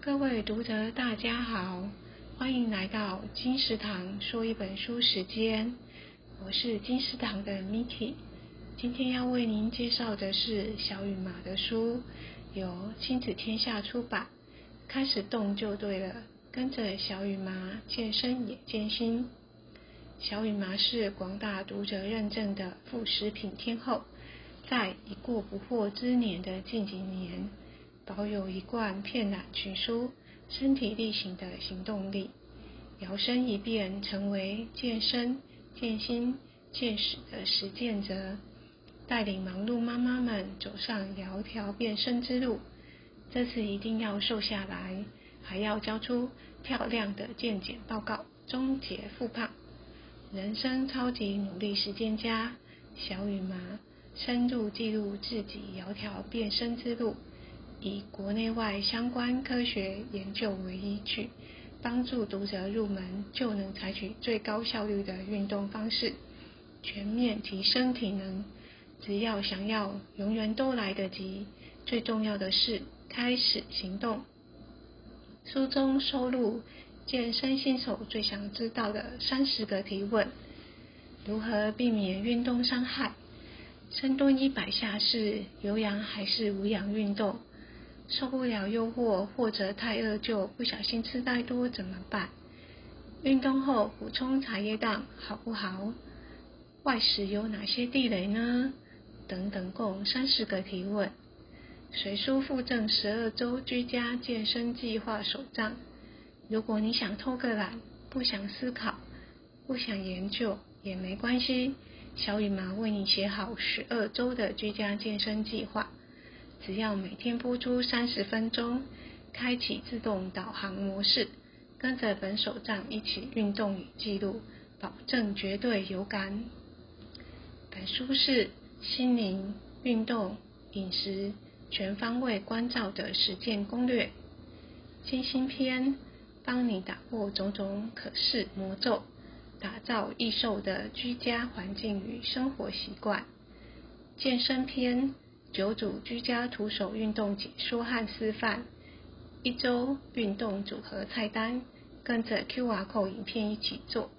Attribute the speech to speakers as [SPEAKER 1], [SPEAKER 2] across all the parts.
[SPEAKER 1] 各位讀者，大家好，歡迎來到金石堂說一本書時間，我是金石堂的 Miki，今天要為您介紹的是小雨麻的書，由親子天下出版，開始動就對了，跟着小雨麻健身也健心，小雨麻是廣大讀者認證的副食品天後，在已過不惑之年的近幾年。保有一貫騙懶取輸身體力行的行動力，搖身一變成為健身、健心、健食的實踐者，帶領忙碌媽媽們走上窈窕變身之路。這次一定要瘦下來，還要交出漂亮的健檢報告，終結復胖。人生超級努力實踐家小雨麻，深入記錄自己窈窕變身之路。以國內外相關科學研究為依據，幫助讀者入門，就能採取最高效率的運動方式，全面提升體能。只要想要，永遠都來得及。最重要的是，開始行動。書中收錄健身新手最想知道的三十個提問：如何避免運動傷害？深蹲一百下是有氧還是無氧運動？受不了誘惑或者太餓就不小心吃太多怎麼辦？運動後補充茶葉蛋好不好？外食有哪些地雷呢？等等，共三十個提問。隨書附贈十二周居家健身計劃手賬。如果你想偷個懶，不想思考，不想研究也沒關係，小雨麻為你寫好十二周的居家健身計劃。只要每天撥出三十分鐘，開啟自動導航模式，跟着本手賬一起運動與記錄，保證絕對有感。本書是心靈、運動、飲食全方位關照的實踐攻略。精心篇幫你打破種種可視魔咒，打造易瘦的居家環境與生活習慣。健身篇。九組居家徒手運動解說和示範，一周運動組合菜單，跟着 QR code 影片一起做。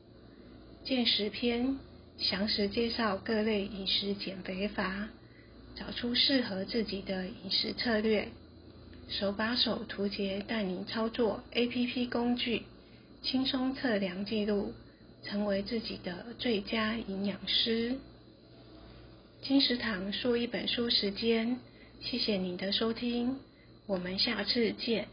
[SPEAKER 1] 進食篇詳實介紹各類飲食減肥法，找出適合自己的飲食策略。手把手圖解帶你操作 APP 工具，輕鬆測量記錄，成為自己的最佳營養師。金石堂說一本書時間，謝謝你的收聽，我們下次見。